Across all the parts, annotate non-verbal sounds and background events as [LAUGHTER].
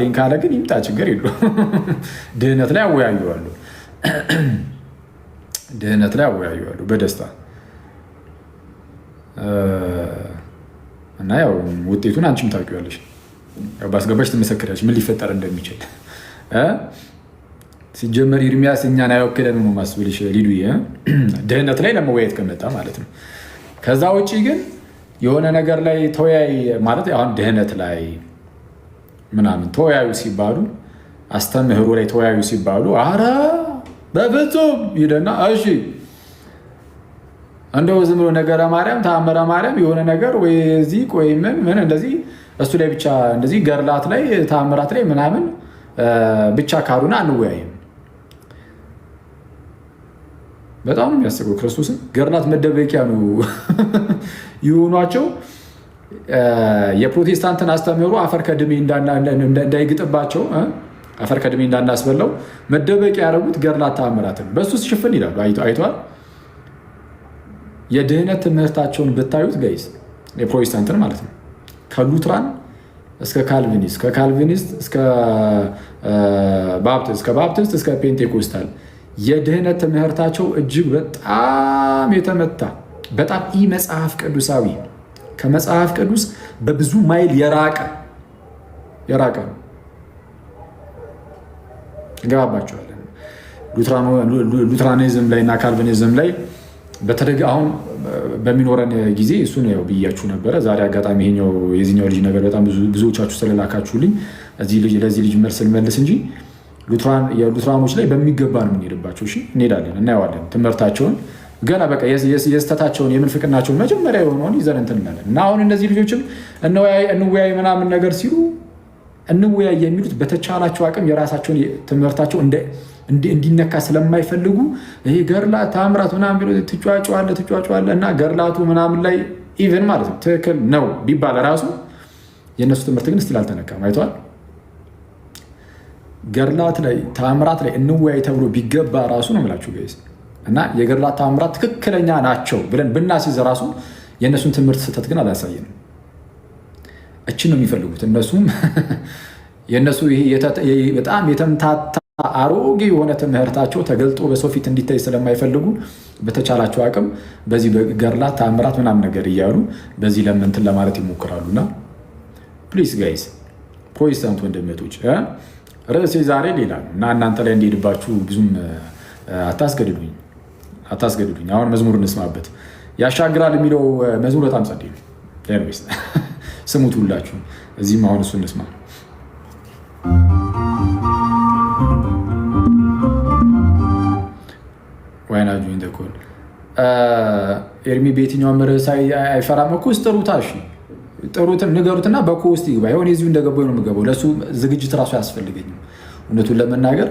ሪን ካለ ግን ይምጣ፣ ችግር የለ። [LAUGHS] ድህነት ላይ አወያዩዋሉ፣ [CLEARS THROAT] ድህነት ላይ አወያዩዋሉ በደስታ እና ያው ውጤቱን አንቺም ታውቂዋለሽ። ባስገባሽ ትመሰክሪያለሽ ምን ሊፈጠር እንደሚችል ሲጀመር ኤርሚያስ እኛን አይወክለንም ነው ማስብልሽ ሊዱ [CLEARS THROAT] ድህነት ላይ ለመወያየት ከመጣ ማለት ነው። ከዛ ውጭ ግን የሆነ ነገር ላይ ተወያይ ማለት አሁን ድህነት ላይ ምናምን ተወያዩ ሲባሉ አስተምህሩ ላይ ተወያዩ ሲባሉ አረ በፍጹም ይደና እሺ እንደው ዝም ብሎ ነገረ ማርያም ተአምረ ማርያም የሆነ ነገር ወይ እዚህ ቆይ ምን ምን እንደዚህ እሱ ላይ ብቻ እንደዚህ ገርላት ላይ ተአምራት ላይ ምናምን ብቻ ካሉን አንወያይም። በጣም የሚያስበው ክርስቶስን ገርላት መደበቂያ ነው የሆኗቸው [LAUGHS] የፕሮቴስታንትን አስተምህሮ አፈር ከድሜ እንዳይግጥባቸው አፈር ከድሜ እንዳናስበላው መደበቂያ ያደረጉት ገድላት ተአምራትን በእሱ ሽፍን ይላሉ። አይተዋል። የድህነት ትምህርታቸውን ብታዩት ገይዝ የፕሮቴስታንትን ማለት ነው ከሉትራን እስከ ካልቪኒስት ከካልቪኒስት እስከ ባፕቲስት እስከ ፔንቴኮስታል የድህነት ትምህርታቸው እጅግ በጣም የተመታ በጣም ኢ መጽሐፍ ቅዱሳዊ ከመጽሐፍ ቅዱስ በብዙ ማይል የራቀ የራቀ ነው። እንገባባቸዋለን። ሉትራኒዝም ላይ እና ካልቪኒዝም ላይ በተደግ አሁን በሚኖረን ጊዜ እሱን ያው ብያችሁ ነበረ። ዛሬ አጋጣሚ ይሄኛው የዚህኛው ልጅ ነገር በጣም ብዙዎቻችሁ ስለላካችሁልኝ እዚህ ልጅ ለዚህ ልጅ መልስ ልመልስ እንጂ ሉትራኖች ላይ በሚገባ ነው የምንሄድባቸው። እሺ እንሄዳለን፣ እናየዋለን ትምህርታቸውን ገና በቃ የስተታቸውን የምንፍቅናቸውን መጀመሪያ የሆነውን ይዘን እንትን እንላለን እና አሁን እነዚህ ልጆችም እንወያይ ምናምን ነገር ሲሉ እንወያይ የሚሉት በተቻላቸው አቅም የራሳቸውን ትምህርታቸው እንዲነካ ስለማይፈልጉ ይሄ ገርላ ታምራት ምናምን ቢሎ ትጫጫዋለ ትጫጫዋለ እና ገርላቱ ምናምን ላይ ኢቨን ማለት ነው ትክክል ነው ቢባል ራሱ የእነሱ ትምህርት ግን ስቲል አልተነካም። አይተዋል። ገርላት ላይ ታምራት ላይ እንወያይ ተብሎ ቢገባ ራሱ ነው የምላችሁ ገይስ እና የገድላት ታምራት ትክክለኛ ናቸው ብለን ብናስይዝ ራሱ የእነሱን ትምህርት ስህተት ግን አላያሳየንም። እችን ነው የሚፈልጉት እነሱም [LAUGHS] የእነሱ በጣም የተምታታ አሮጌ የሆነ ትምህርታቸው ተገልጦ በሰው ፊት እንዲታይ ስለማይፈልጉ በተቻላቸው አቅም በዚህ ገድላት ታምራት ምናምን ነገር እያሉ በዚህ ለምንትን ለማለት ይሞክራሉና ፕሊስ ጋይስ ፕሮቴስታንት ወንድመቶች ርዕሴ ዛሬ ሌላ ነው እና እናንተ ላይ እንዲሄድባችሁ ብዙም አታስገድዱኝ። አታስገድዱኝ። አሁን መዝሙር እንስማበት። ያሻግራል የሚለው መዝሙር በጣም ጸዴ ነው። ስሙት ሁላችሁ። እዚህም አሁን እሱ እንስማ ዋይናጁ ኢንተኮል ኤርሚ በየትኛውም ርዕስ አይፈራም እኮ ውስጥ ጥሩታ ጥሩትን ንገሩትና በኮ ውስጥ ይግባ ሆን የዚሁ እንደገባ ነው የምገባው። ለእሱ ዝግጅት እራሱ አያስፈልገኝም። እውነቱን ለመናገር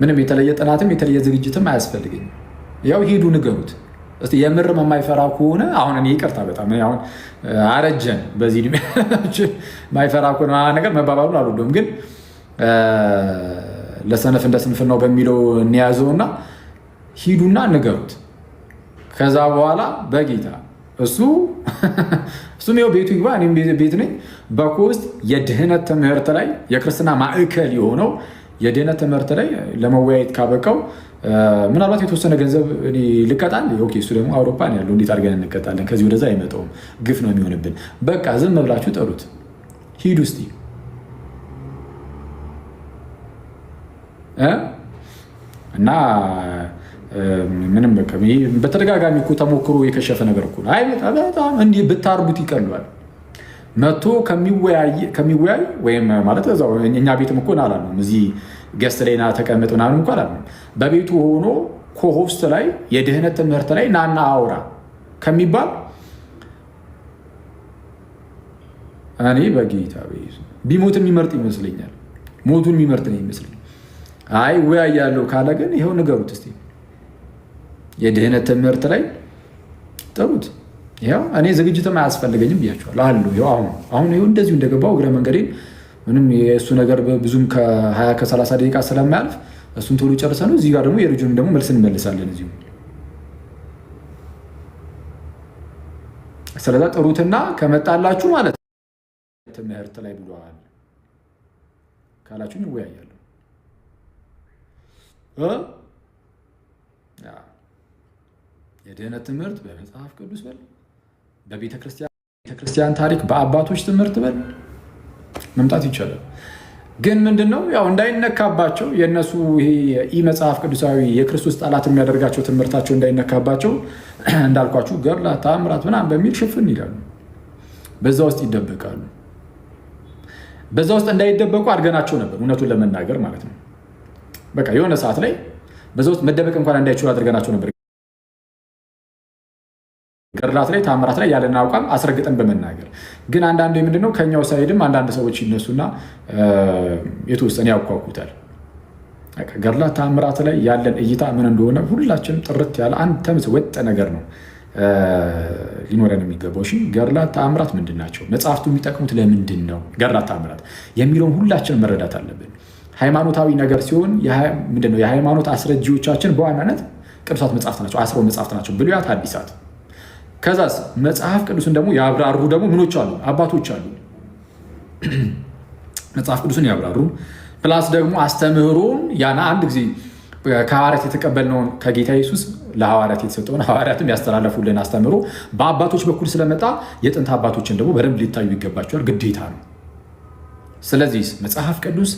ምንም የተለየ ጥናትም የተለየ ዝግጅትም አያስፈልገኝም። ያው ሄዱ ንገሩት እስቲ የምርም የማይፈራ ከሆነ አሁን እኔ ይቅርታ፣ በጣም አሁን አረጀን በዚህ ማይፈራ ከሆነ ነገር መባባሉን አልወደውም፣ ግን ለሰነፍ እንደ ስንፍ ነው በሚለው እንያዘውና ሂዱና ንገሩት። ከዛ በኋላ በጌታ እሱ [LAUGHS] እሱም ይኸው ቤቱ ይግባ፣ እኔም ቤት ነኝ። በኮ ውስጥ የድህነት ትምህርት ላይ የክርስትና ማዕከል የሆነው የድህነት ትምህርት ላይ ለመወያየት ካበቀው ምናልባት የተወሰነ ገንዘብ ልቀጣል። ኦኬ እሱ ደግሞ አውሮፓ ያለው እንዴት አድርገን እንቀጣለን? ከዚህ ወደዛ አይመጣውም፣ ግፍ ነው የሚሆንብን። በቃ ዝም ብላችሁ ጠሩት፣ ሂዱ እስቲ እና ምንም በተደጋጋሚ እኮ ተሞክሮ የከሸፈ ነገር እኮ በጣም እንዲህ ብታርጉት ይቀሏል። መቶ ከሚወያይ ወይም ማለት እኛ ቤትም እኮ ናላ ነው እዚህ ገስት ላይ ና ተቀምጥ ምናምን እንኳን አለ። በቤቱ ሆኖ ኮሆስት ላይ የድህነት ትምህርት ላይ ናና አውራ ከሚባል እኔ በጌታ ቢሞት የሚመርጥ ይመስለኛል። ሞቱን የሚመርጥ ነው ይመስለኛል። አይ ውያ ያለው ካለ ግን ይኸው ንገሩት እስኪ የድህነት ትምህርት ላይ ጥሩት። ይኸው እኔ ዝግጅትም አያስፈልገኝም ብያቸዋል አሉ። ይኸው አሁን አሁን ይኸው እንደዚሁ እንደገባው እግረ መንገዴን ምንም የእሱ ነገር ብዙም ከ20 ከ30 ደቂቃ ስለማያልፍ እሱን ቶሎ ጨርሰ ነው። እዚህ ጋር ደግሞ የልጁን ደግሞ መልስ እንመልሳለን እዚሁ። ስለዛ ጥሩትና ከመጣላችሁ ማለት ትምህርት ላይ ብሏል ካላችሁ ይወያያሉ። የድህነት ትምህርት በመጽሐፍ ቅዱስ በል፣ በቤተክርስቲያን ታሪክ፣ በአባቶች ትምህርት በል መምጣት ይቻላል። ግን ምንድነው ያው እንዳይነካባቸው የእነሱ ይሄ መጽሐፍ ቅዱሳዊ የክርስቶስ ጠላት የሚያደርጋቸው ትምህርታቸው እንዳይነካባቸው [CLEARS THROAT] እንዳልኳችሁ ገድላ ታምራት ምናምን በሚል ሽፍን ይላሉ። በዛ ውስጥ ይደበቃሉ። በዛ ውስጥ እንዳይደበቁ አድርገናቸው ነበር፣ እውነቱን ለመናገር ማለት ነው። በቃ የሆነ ሰዓት ላይ በዛ ውስጥ መደበቅ እንኳን እንዳይችሉ አድርገናቸው ነበር። ገድላት ላይ ታምራት ላይ ያለን አቋም አስረግጠን በመናገር ግን አንዳንድ ምንድነው ከኛው ሳይድም አንዳንድ ሰዎች ይነሱና የተወሰነ ያውኳኩታል። ገድላት ታምራት ላይ ያለን እይታ ምን እንደሆነ ሁላችንም ጥርት ያለ አንድ ተምስ ወጥ ነገር ነው ሊኖረን የሚገባው። እሺ ገድላት ታምራት ምንድን ናቸው? መጽሐፍቱ የሚጠቅሙት ለምንድን ነው? ገድላት ታምራት የሚለውን ሁላችንም መረዳት አለብን። ሃይማኖታዊ ነገር ሲሆን ምንድነው የሃይማኖት አስረጂዎቻችን በዋናነት ቅዱሳት መጽሐፍት ናቸው፣ አስረው መጽሐፍት ናቸው፣ ብሉያት፣ አዲሳት ከዛስ መጽሐፍ ቅዱስን ደግሞ ያብራሩ ደግሞ ምኖች አሉ፣ አባቶች አሉ። [CLEARS THROAT] መጽሐፍ ቅዱስን ያብራሩ ፕላስ ደግሞ አስተምህሮን ያና አንድ ጊዜ ከሐዋርያት የተቀበልነውን ከጌታ ኢየሱስ ለሐዋርያት የተሰጠውን ሐዋርያትም ያስተላለፉልን አስተምህሮ በአባቶች በኩል ስለመጣ የጥንት አባቶችን ደግሞ በደንብ ሊታዩ ይገባቸዋል፣ ግዴታ ነው። ስለዚህ መጽሐፍ ቅዱስ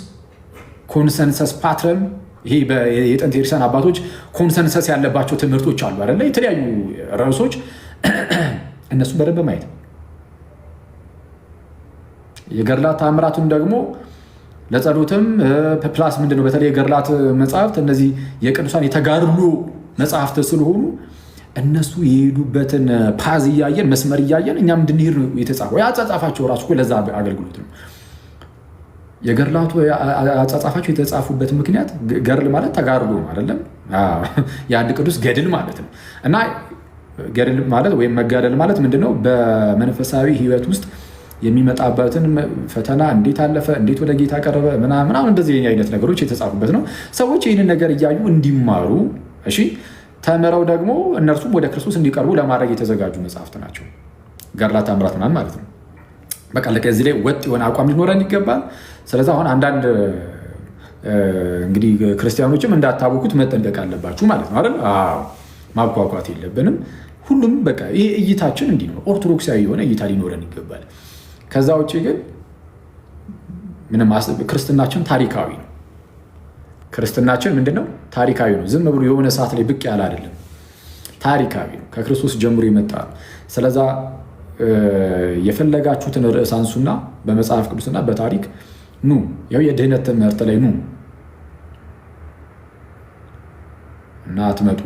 ኮንሰንሰስ ፓትረን ይሄ የጥንት ኤርሳን አባቶች ኮንሰንሰስ ያለባቸው ትምህርቶች አሉ አይደለ? የተለያዩ ርዕሶች እነሱ በደንብ ማየት የገድላት ታምራቱን ደግሞ ለጸሎትም ፕላስ ምንድን ነው በተለይ የገድላት መጽሐፍት እነዚህ የቅዱሳን የተጋድሎ መጽሐፍት ስለሆኑ እነሱ የሄዱበትን ፓዝ እያየን መስመር እያየን እኛም እንድንሄድ ነው የተጻፈው። የአጻጻፋቸው ራሱ ለዛ አገልግሎት ነው። የገድላቱ አጻጻፋቸው የተጻፉበት ምክንያት ገርል ማለት ተጋድሎ አይደለም፣ የአንድ ቅዱስ ገድል ማለት ነው እና ገድል ማለት ወይም መጋደል ማለት ምንድነው? በመንፈሳዊ ህይወት ውስጥ የሚመጣበትን ፈተና እንዴት አለፈ፣ እንዴት ወደ ጌታ ቀረበ፣ ምናምን እንደዚህ አይነት ነገሮች የተጻፉበት ነው። ሰዎች ይህንን ነገር እያዩ እንዲማሩ እሺ፣ ተምረው ደግሞ እነርሱም ወደ ክርስቶስ እንዲቀርቡ ለማድረግ የተዘጋጁ መጽሐፍት ናቸው። ገድላት፣ ተአምራት ምናምን ማለት ነው። በቃ ከዚህ ላይ ወጥ የሆነ አቋም ሊኖረን ይገባል። ስለዚ አሁን አንዳንድ እንግዲህ ክርስቲያኖችም እንዳታወኩት መጠንቀቅ አለባችሁ ማለት ነው አይደል? አዎ ማብኳኳት የለብንም። ሁሉም በቃ ይህ እይታችን እንዲህ ነው። ኦርቶዶክሳዊ የሆነ እይታ ሊኖረን ይገባል። ከዛ ውጭ ግን ምንም ክርስትናችን ታሪካዊ ነው። ክርስትናችን ምንድን ነው? ታሪካዊ ነው። ዝም ብሎ የሆነ ሰዓት ላይ ብቅ ያለ አይደለም። ታሪካዊ ነው። ከክርስቶስ ጀምሮ የመጣ ነው። ስለዛ የፈለጋችሁትን ርዕስ አንሱና በመጽሐፍ ቅዱስና በታሪክ ኑ። ያው የድህነት ትምህርት ላይ ኑ እና አትመጡ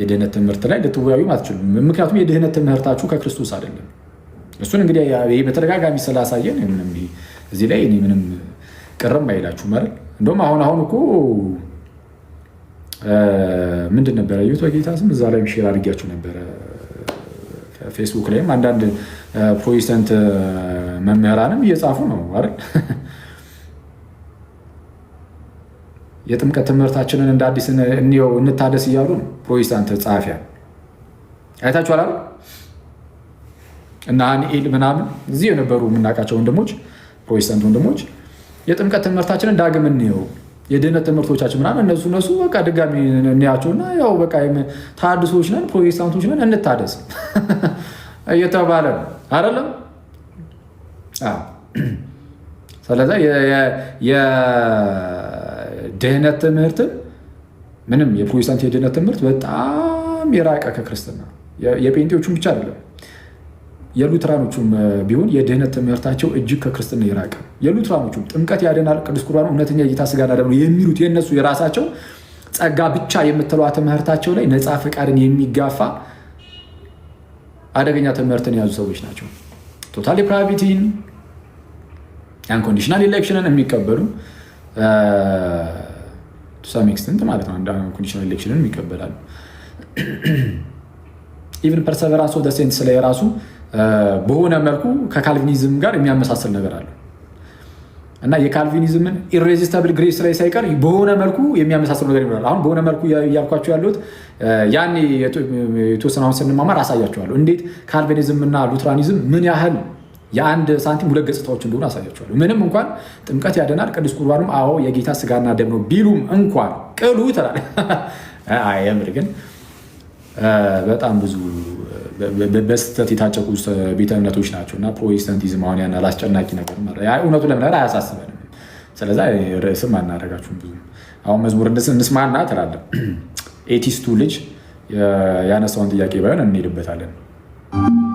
የድህነት ትምህርት ላይ ልትወያዩ አትችሉም። ምክንያቱም የድህነት ትምህርታችሁ ከክርስቶስ አይደለም። እሱን እንግዲህ ይህ በተደጋጋሚ ስላሳየን እዚህ ላይ እኔ ምንም ቅርም አይላችሁ ማለት እንደውም አሁን አሁን እኮ ምንድን ነበረ ዩቶ ጌታ ስም እዛ ላይ ሼር አድርጊያችሁ ነበረ ፌስቡክ ላይም አንዳንድ ፕሮቴስታንት መምህራንም እየጻፉ ነው አይደል [LAUGHS] የጥምቀት ትምህርታችንን እንደ አዲስ እንየው እንታደስ እያሉ ፕሮቴስታንት ጸሐፊያን አይታችኋል። እና ሀኒኤል ምናምን እዚህ የነበሩ የምናውቃቸው ወንድሞች ፕሮቴስታንት ወንድሞች የጥምቀት ትምህርታችንን ዳግም እንየው የድህነት ትምህርቶቻችን ምናምን እነሱ እነሱ በቃ ድጋሚ እንያቸውና ያው በቃ ታድሶች ነን ፕሮቴስታንቶች ነን እንታደስ [LAUGHS] እየተባለ ነው አይደለም። [CLEARS THROAT] ስለዚ ድህነት ትምህርትም ምንም የፕሮቴስታንት የድህነት ትምህርት በጣም የራቀ ከክርስትና የጴንጤዎቹም ብቻ አይደለም የሉትራኖቹም ቢሆን የድህነት ትምህርታቸው እጅግ ከክርስትና የራቀ የሉትራኖቹም ጥምቀት ያደናል ቅዱስ ቁርባን እውነተኛ እይታ ስጋና ደም ነው የሚሉት የእነሱ የራሳቸው ጸጋ ብቻ የምትለዋ ትምህርታቸው ላይ ነፃ ፈቃድን የሚጋፋ አደገኛ ትምህርትን የያዙ ሰዎች ናቸው። ቶታሊ ፕራቪቲን አንኮንዲሽናል ኢሌክሽንን የሚቀበሉ ሳም ኤክስተንት ማለት ነው። አንድ ኮንዲሽናል ኤሌክሽንን ይቀበላሉ። ኢቨን ፐርሰቨራንስ ኦፍ ዘ ሴንትስ ላይ ራሱ በሆነ መልኩ ከካልቪኒዝም ጋር የሚያመሳስል ነገር አለ እና የካልቪኒዝምን ኢሬዚስታብል ግሬስ ላይ ሳይቀር በሆነ መልኩ የሚያመሳስል ነገር ይኖራል። አሁን በሆነ መልኩ እያልኳቸው ያሉት ያኔ የተወሰነውን ስንማማር አሳያቸዋለሁ እንዴት ካልቪኒዝም እና ሉትራኒዝም ምን ያህል የአንድ ሳንቲም ሁለት ገጽታዎች እንደሆኑ አሳያቸዋለሁ። ምንም እንኳን ጥምቀት ያደናል፣ ቅዱስ ቁርባንም አዎ የጌታ ስጋና ደም ነው ቢሉም እንኳን ቅሉ ይተላል። [LAUGHS] የምር ግን በጣም ብዙ በስህተት የታጨቁ ቤተ እምነቶች ናቸው እና ፕሮቴስታንቲዝም አሁን ያን አላስጨናቂ ነገር እውነቱ ለምናለ አያሳስበንም። ስለዛ ርዕስም አናደርጋችሁም ብዙ አሁን መዝሙር እንስማና ትላለን። [CLEARS THROAT] ኤቲስቱ ልጅ ያነሳውን ጥያቄ ባይሆን እንሄድበታለን።